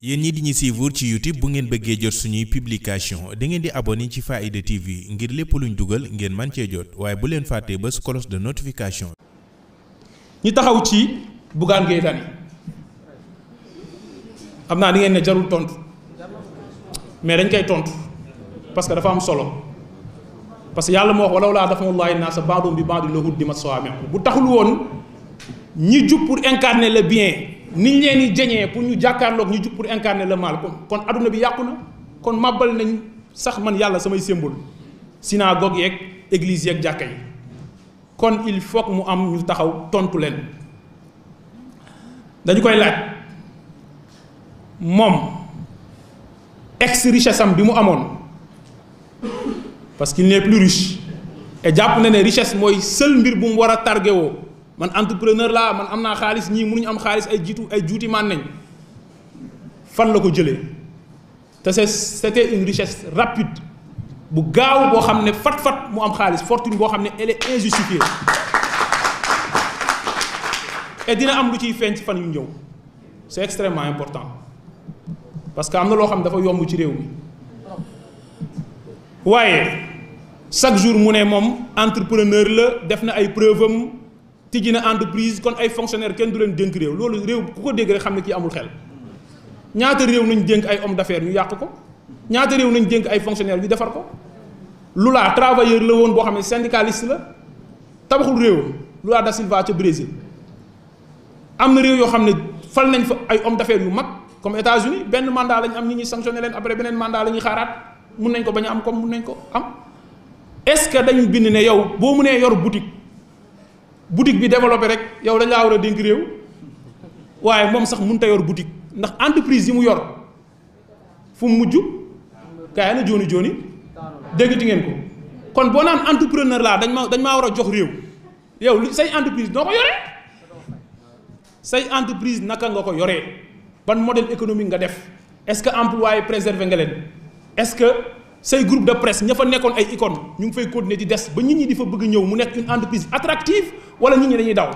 yéen ñi di ñu suivre ci youtube bu ngeen bëggee jot suñuy publication da ngeen di abonné ci Faaida TV ngir lépp luñ dugal ngeen man cee jot waaye bu leen fàttee ba cloche de notification. ñu taxaw ci Bougane Gueye Dany xam naa dingeen ngeen ne jarul tontu mais dañ koy tontu parce que dafa am solo parce que yàlla moo wax walaw laa naa sa ba'dahum bi ba'din la huddimati amee bu taxul woon ñi jub pour incarner le bien. niñ leen di jañee pour ñu jàkkaarlook ñu jug pour incarner le mal kon adduna bi yàqu na kon màbbal nañ sax man yàlla samay symbole synagogue yeeg église ak jàkka yi kon il faut mu am ñu taxaw tontu leen dañu koy laaj moom ex richesse am bi mu amoon parce qu'il n'est plus riche jàpp na ne richesse mooy seul mbir bu mu war a targewoo man entrepreneur laa man am naa xaalis ñii ñu am xaalis ay jiitu ay juuti man nañ fan la ko jëlee te c'est c'était une richesse rapide bu gaaw boo xam ne fat-fat mu am xaalis fortune boo xam ne elle est injustifiée et dina am lu ciy feeñ ci fan yu ñëw c'est extrêmement important parce que am na loo xam dafa yomb ci réew mi waaye chaque jour mu ne moom entrepreneur la def na ay preuve am tijji na entreprise kon ay fonctionnaire kenn du leen dénk réew loolu réew ku ko dégg rek xam ne kii amul xel ñaata réew nañ dénk ay homme d'affaires yu yàq ko ñaata réew nañ dénk ay fonctionnaire yu defar ko lu Lula travailleur la woon boo xam ne syndicaliste la tabaxul réew Lula da Silva ca Brésil am na réew yoo xam ne fal nañ fa ay homme d'affaires yu mag comme États-Unis benn mandat lañ am ñi ñuy sanctionné leen après beneen mandat la ñuy xaaraat mun nañ ko bañ am comme mun nañ ko am est-ce que dañu bind ne yow boo mënee yor boutique. boutique bi développé rek yow dañ laa war a dénk réew waaye moom sax mënut a yor boutique ndax entreprise yi mu yor fu mu mujj kaay na jooni dégg ti ngeen ko kon boo naan entrepreneur laa dañ ma dañ maa war a jox réew yow lu say entreprise noo ko yoree say entreprise naka nga ko yoree ban modèle économique nga def est-ce que employé préservé nga leen est-ce que say groupe de presse ña fa nekkoon ay icône ñu ngi fay continuer di des ba nit ñi di fa bëgg ñëw mu nekk une entreprise wala ñu ñi dañuy daw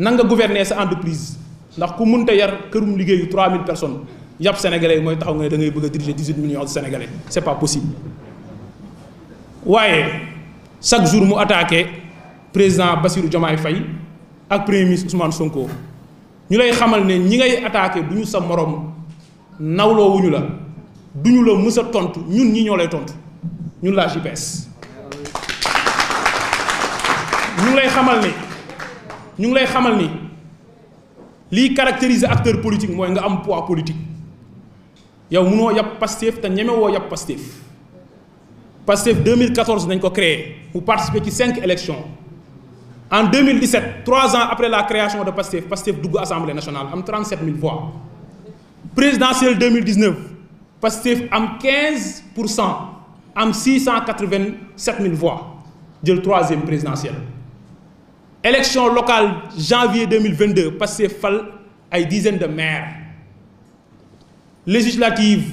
nan nga gouverner sa entreprise ndax ku mënta yar kërum liggéeyu 3000 personnes yàpp sénégalais mooy taxaw nga ne dangay ngay bëgg a diriger 18 millions de sénégalais c'est pas possible waaye chaque jour mu attaqué président Bassirou Diomaye fay ak premier ministre Ousmane Sonko ñu lay xamal ne ñi ngay attaqué du ñu sa morom nawloo wuñu la duñu la mës tontu ñun ñi ñoo lay tontu ñun laa JPS. ñu ngi lay xamal ni ñu ngi lay xamal ni lii caractériser acteur politique mooy nga am poids politique yow munoo yàpp Pastef te ñemewoo yàpp Pastef mille 2014 nañ ko créé mu participer ci cinq élections en deux mille 2017 trois ans après la création de Pastef Pastef dugg assemblée nationale am 37000 voix présidentielle 2019 Pastef am 15 pour cent am 687000 voix jël troisième présidentielle. élection locale janvier 2022 passé fal ay dizaine de maires législative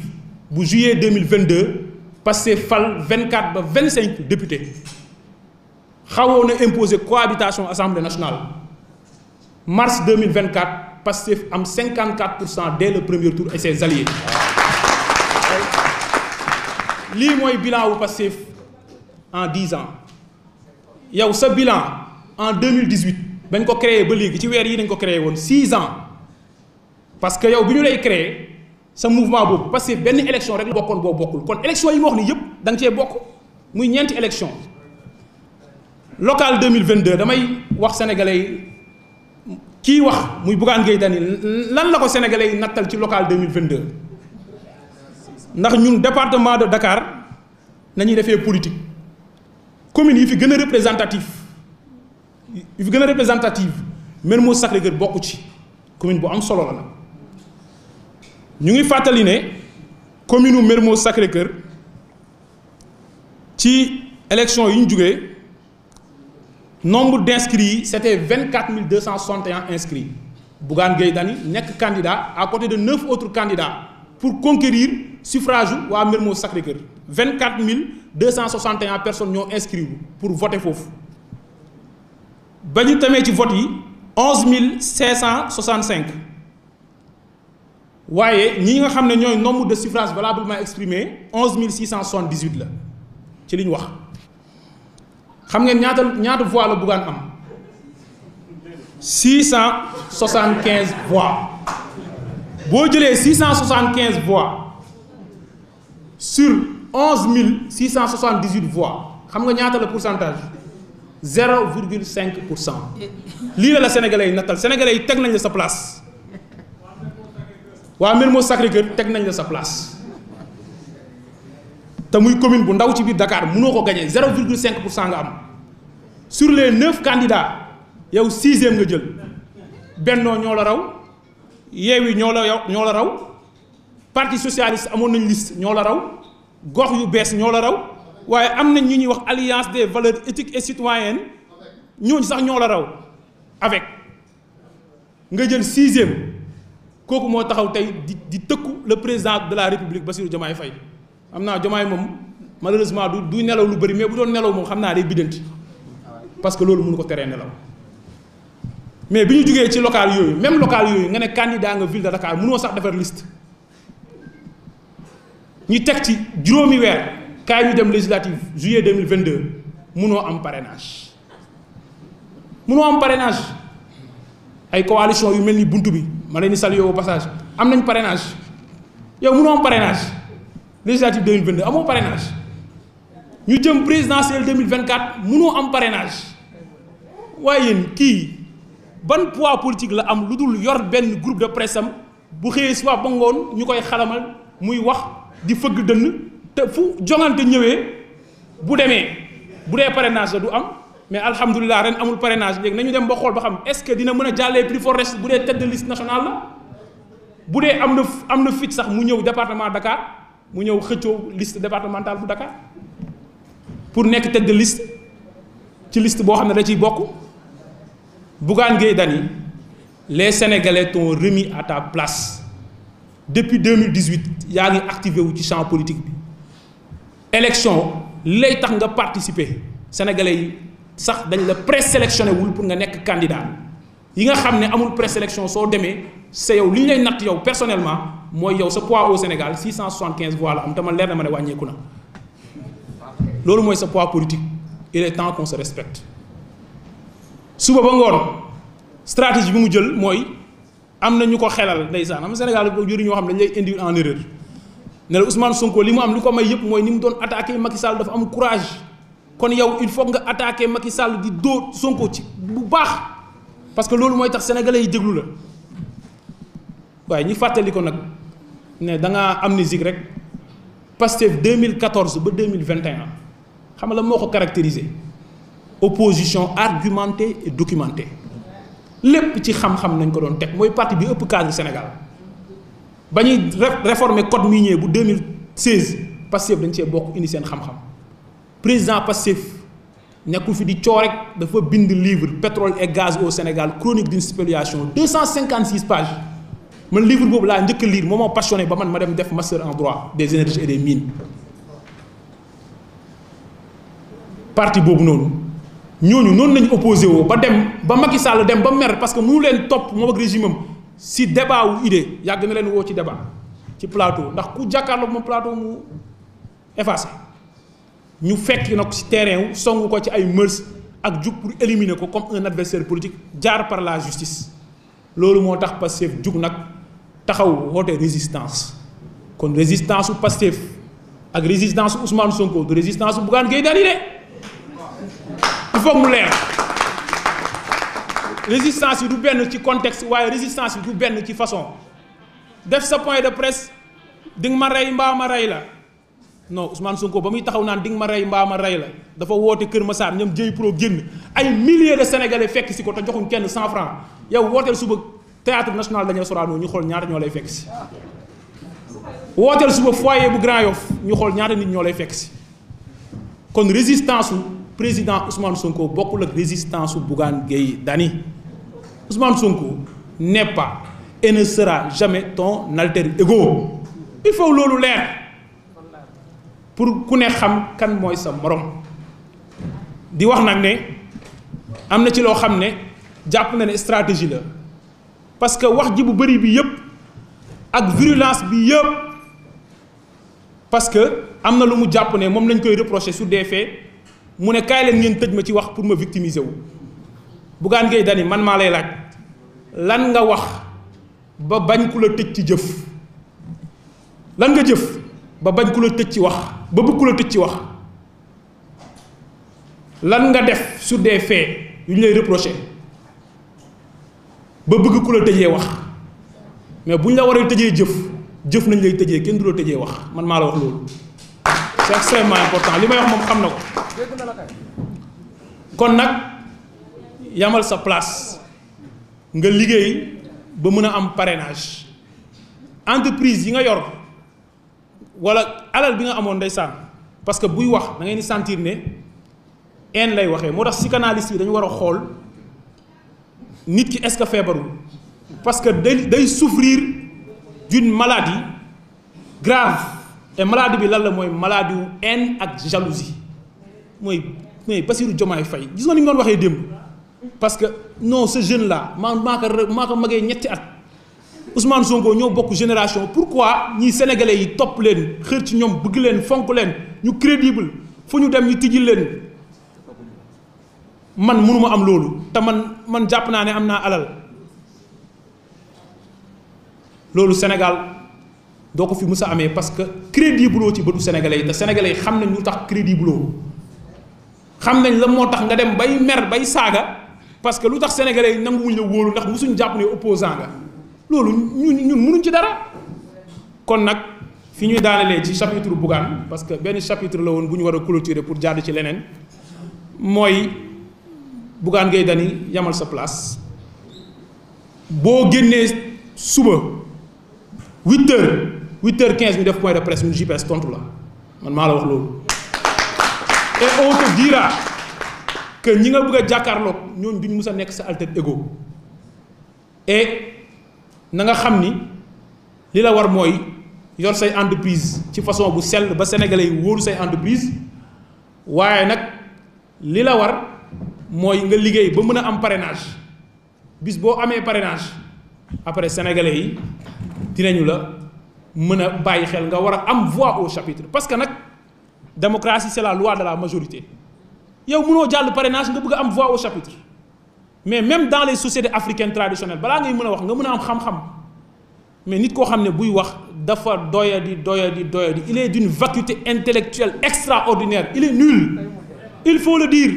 bu juillet 2022 passé fal 24 ba 25 députés xawoon na imposer cohabitation assemblée nationale mars 2024 Pastef am 54 pour cent dès le premier tour et ses alliés lii mooy bilan wu Pastef en 10 ans yow sa bilan en 2018 dañ ko créé ba léegi ci weer yi dañ ko créé woon 6 ans parce que yow bi ñu lay créer sa mouvement boobu parce que benn élection rek la bokkoon boo bokkul kon élection yi ma wax ni yëpp da nga cee bokk muy ñeenti mille locale 2022 damay wax sénégalais yi kii wax muy Bougane Gueye lan la ko sénégalais yi nattal ci locale 2022 ndax ñun département de Dakar nañuy defee politique commune yi fi gën a représentatif yu fi gën a représentative Mermoz Sacré-Cœur bokk ci commune bu am solo la nag ñu ngi fàttali ne commune u Sacré-Cœur ci élection yi ñu jógee nombre d' inscrits yi c' était vingt quatre mille deux cent soixante et un inscrits Bougane Gueye Dany nekk candidat à de neuf autres candidats pour conquérir suffrage waa Mermoz Sacré-Cœur vingt quatre mille deux cent soixante et un personnes ñoo inscrits pour voter foofu. ba ñu tamee ci vote yi onze mille cinq cent soixante cinq waaye ñi nga xam ne ñooy nombre de suffrage valablement exprimé onze mille six cent soixante dix huit la ci li ñu wax xam ngeen ñaata ñaata voix la buggaan am six cent soixante quinze voix boo jëlee six cent soixante quinze voix sur onze mille six cent soixante dix huit voix xam nga ñaata la pourcentage zéro virgule cinq pour cent lii la la sénégalais yi nattal sénégalais yi teg nañ la sa place waa Mermoz Sacré-Cœur teg nañ la sa place te muy commune bu ndaw ci biir dakaar munoo ko gañee zéro virgule cinq pour cent nga am sur les neuf candidats yow sixième nga jël bennoo ñoo la raw yeewi ñoo la ñoo la raw parti socialiste amoon nañ liste ñoo la raw gox yu bees ñoo la raw waaye am nañ ñu ñuy wax alliance des valeurs éthiques et citoyennes ñooñu sax ñoo la raw avec nga jël sixième kooku moo taxaw tey di di tëkku le président de la république Bassirou Diomaye fay am naa Diomaye moom malheureusement du du nelaw lu bëri mais bu doon nelaw moom xam naa day biddanti parce que loolu mënu ko teree nelaw mais bi ñu jugee ci local yooyu même local yooyu nga ne candidat nga ville de Dakar mënoo sax defar liste ñu teg ci juróomi weer. kaay ñu dem législative juillet 2022 munoo am parrainage munoo am parrainage ay coalition yu mel ni bunt bi ma leen di saluer passage am nañ parrainage yow munoo am parrainage législative 2022 amoo parrainage ñu jëm mille vingt 2024 munoo am parrainage waaye yéen kii ban poids politique la am lu dul yor benn groupe de presse am bu xëyee suba ba ngoon ñu koy xalamal muy wax di fëgg dënn te fu jongante ñëwee bu demee bu dee parenage la du am mais alhamdulilah ren amul parrainage léegi nañu dem ba xool ba xam est-ce que dina mën a jàllee plus fort reste bu dee tête de liste la bu dee am na am na fit sax mu ñëw département Dakar mu ñëw xëccoo liste départementale bu Dakar pour nekk tête de liste ci liste boo xam ne da ciy bokk Bougane Gueye Dany les Sénégalais t'ont remis à ta place depuis 2018 yaa ngi activé wu ci champ politique bi élection lay tax nga participer sénégalais yi sax dañ la présélectionné wul pour nga nekk candidat yi nga xam ne amul présélection soo demee sa yow li ñu lay natt yow personnellement mooy yow sa poids au Sénégal 675 voix la am te leer na ma ne wàññeeku na loolu mooy sa pois politique il est temps qu'on se respecte suba ba ngoon stratégie bi mu jël mooy am na ñu ko xelal ndeysaan am Sénégal jëriñoo xam dañ lay indi en erreur. ne la Ousmane Sonko li mu am li ko may yëpp mooy ni mu doon attaqué Macky Sall dafa am courage kon yow il foog nga attaqué Macky sàll di dóor Sonko ci bu baax parce que loolu mooy tax sénégalais yi déglu la waaye ñu fàttali ko nag ne da ngaa amnésique rek deux Pastef 2014 ba mille 2021 xam nga la moo ko caractérisé opposition argumentée et documentée lépp ci xam-xam nañ ko doon teg mooy parti bi ëpp cadre Sénégal. ba ñuy réformer code ñëwee bu mille 2016 Pastef dañ cee bokk indi seen xam-xam président Pastef nekkul fi di coo rek dafa bind livre pétrole et gaz au Sénégal chronique cent cinquante 256 pages man livre boobu laa njëkk liir lire moo ma passionné ba man ma dem def master en droit des énergies et des mines parti boobu noonu ñooñu noonu lañu opposé woo ba dem ba Macky Sall dem ba mer parce que mënu leen topp moom ak régime si débat wu idée yàgg na leen woo ci débat ci plateau ndax ku jàkkaarloo moom plateau mu effacé ñu fekk na ko si terrain wu songu ko ci ay mërs ak jug pour éliminer ko comme un adversaire politique jaar par la justice loolu moo tax Pastef jug nag taxaw woote résistance kon résistance su Pastef ak résistance Ousmane Sonko du résistance su Bougane Gueye Dany de il faut mu leer. résistance yi du benn ci contexte waaye résistance yi du benn ci façon def sa point de presse di nga ma rey mbaa ma rey la non Ousmane Sonko ba muy taxaw naan di nga ma rey mbaa ma rey la dafa woote Kër Massar ñoom jëy pro génn ay milliers de sénégalais fekk si ko te joxuñ kenn cent franc yow wooteel suba théâtre national dañoo Sorano ñu xool ñaata ñoo lay fekk si. wooteel suba foyer bu Grand Yoff ñu xool ñaata nit ñoo lay fekk si kon résistance su président Ousmane Sonko bokkul ak résistance su Bougane Gueye Dany Ousmane Sonko n'est pas ton alter ego il loolu leer pour ku ne xam kan mooy sa morom di wax nag ne am na ci loo xam ne jàpp na ne stratégie la parce que wax ji bu bëri bi yëpp ak virulence bi yëpp parce que am na lu mu jàpp ne moom lañ koy reprocher sur des faits mu ne kaay leen ngeen tëj ma ci wax pour ma victimiser wu Bougane Gueye Dany man maa lay laaj. lan nga wax ba bañ ku la tëj ci jëf lan nga jëf ba bañ ku la tëj ci wax ba bëgg ku la tëj ci wax lan nga def sur des faits yu ñu lay reproché ba bëgg ku la tëjee wax mais bu ñu la waree tëjee jëf jëf nañ lay tëjee kenn du la tëjee wax man maa la wax loolu c'est extrêmement important li may wax moom xam na ko kon nag yamal sa place nga liggéey ba mën a am parrainage entreprise yi nga yor wala alal bi nga amoon ndeysaan parce que buy wax da ngeen di sentir ne enn lay waxee moo tax psychanalyste yi dañu war a xool nit ki est feebaru que parce que day day souffrir d'une maladie grave te maladie bi lan la mooy maladie wu haine ak jalousie mooy mooy Bassirou Diomaye fay gis nga ni mu doon waxee démb. parce que non ce jeune là maa maa ko maa magee ñetti at Ousmane Sonko ñoo bokk génération pour pourquoi ñi sénégalais yi topp leen xër ci ñoom bëgg leen fonk leen ñu crédible fu ñu dem ñu tijji leen man mënuma am loolu te man man jàpp naa ne am naa alal loolu Sénégal doo ko fi mës a amee parce que crédible ci bëtu sénégalais yi te sénégalais yi xam nañ lu tax crédible xam nañ la moo tax nga dem bay mer bay saaga. parce que lu tax sénégalais yi nanguwuñ la wóolu ndax musuñ jàpp ne opposant nga loolu ñun ñun mënuñ ci dara kon nag fi ñuy daanalee ci chapitre Bougane parce que benn chapitre la woon bu ñu war a clôturer pour jàdd ci leneen mooy Bougane Gueye Dany yamal sa place boo génnee suba huit heures huit heures quinze ñu def point de presse ñun JPS tontu la man maa la wax loolu et on te kër ñi nga bëgg a jàkkaarloog ñooñu duñ mus a nekk sa alter ego et na nga xam ni li la war mooy yor say entreprise ci façon bu sell ba sénégalais yi wóoru say entreprise waaye nag li la war mooy nga liggéey ba mën a am parrainage bis boo amee parrainage après sénégalais yi dinañu la mën a bàyyi xel nga war a am voix au chapitre parce que nag démocratie c'est la loi de la majorité yow mënoo jàll parrainage nga bëgg am voix au chapitre mais même dans les sociétés africaines traditionnelles balaa ngay mën a wax nga mën a am xam-xam mais nit koo xam ne buy wax dafa doyadi doyadi doyadi il est d'une vacuité intellectuelle extraordinaire il est nul il faut le dire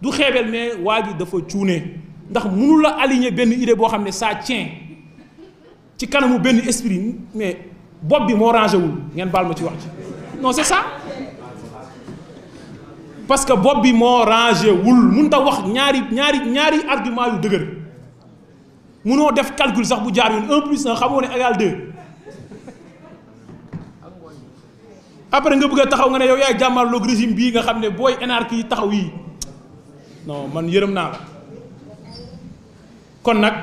du xeebel mais waa ji dafa cuune ndax mënu la aligner benn idée boo xam ne ça tient ci kanamu benn esprit mais bopp bi moo rangé wul ngeen baal ma ci wax ci non c'est parce que bopp bi moo rangé wul mun ta wax ñaari ñaari ñaari argument yu dëgër noo def calcul sax bu jaar yoon un plus un xamoo ne égal deux après nga bëgg a taxaw nga ne yow yaay jàmmarloog régime bii nga xam ne booy énarque yi taxaw yi non man yërëm naa la kon nag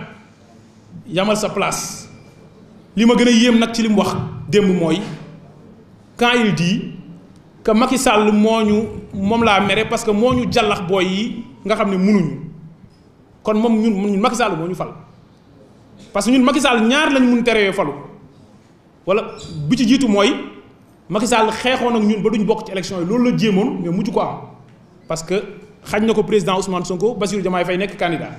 yamal sa place li ma gën a yéem nag ci li wax démb mooy quand il dit que Macky Sall moo ñu moom laa mere parce que moo ñu jàllax booy yi nga xam ne munuñu kon moom ñun ñun Macky Sall moo ñu fal parce que ñun Macky Sall ñaar lañ mun terewee falu wala bi ci jiitu mooy Macky Sall xeexoon ak ñun ba duñ bokk ci élection yi loolu la jéemoon mais mujj ko am parce que xañ na ko président Ousmane Sonko Bassirou Diomaye fay nekk candidat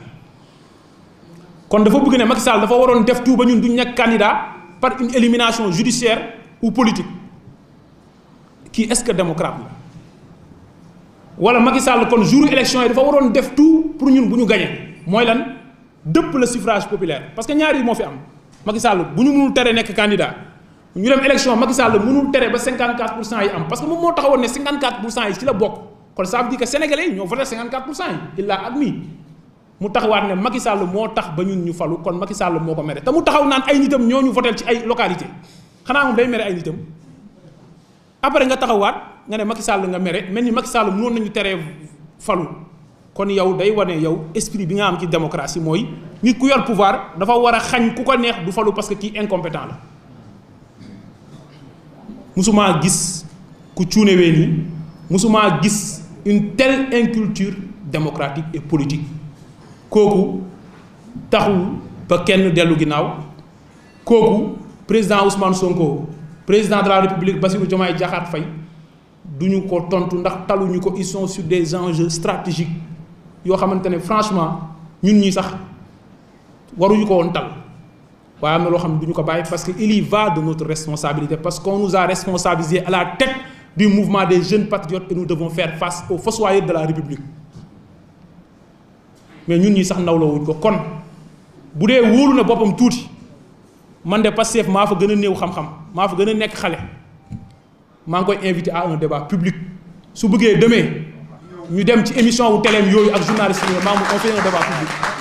kon dafa bëgg ne Macky Sall dafa waroon def tout ba ñun duñ nekk candidat par une élimination judiciaire ou politique kii est-ce que démocrate la wala Macky Sall kon jour élection yi dafa waroon def tout pour ñun bu ñu gañee mooy lan dëpp la suffrage populaire parce que ñaari moo fi am Macky Sall bu ñu mënul tere nekk candidat ñu dem élection Macky Sall mënul tere ba 54 pour cent yi am parce que moom moo taxawoon ne 54 pour cent yi ci la bokk kon ça veut dire que sénégalais yi ñoo pour cent yi il l'a admis mu taxawaat ne Macky Sall moo tax ba ñun ñu falu kon Macky Sall moo ko mere te mu taxaw naan ay nitam ñoo ñu voté ci ay localité xanaa moom day mere ay nitam. après nga taxawaat nga ne Macky Sall nga mere mel ni saal Sall mënoon nañu teree falu kon yow day wane yow esprit bi nga am ci démocratie mooy nit ku yor pouvoir dafa war a xañ ku ko neex du falu parce que kii incompétent la musumaa gis ku cuunewee nii musumaa gis une telle inculture démocratique et politique kooku taxu ba kenn dellu ginnaaw kooku président Ousmane Sonko président de la république Bassirou Diomaye Diakhar du ñu ko tontu ndax taluñu ko ils sont des enjeux stratégiques yoo xamante ne franchement ñun ñi sax waruñu ko woon tal waaye am na loo xam ne duñu ko bàyyi parce que il y va de notre responsabilité parce que nous a responsabilisé à la tête du mouvement des jeunes patriotes et nous devons faire face aux fossoyeurs de la république mais ñun ñi sax la wuñ ko kon bu dee wóolu na boppam tuuti. man de Pastef maa fa gën a néew xam-xam maa fa gën a nekk xale maa ngi koy invité à un débat public su buggee demee ñu dem ci émission wu teleen yooyu ak journaliste yi maa ngi conseillé un public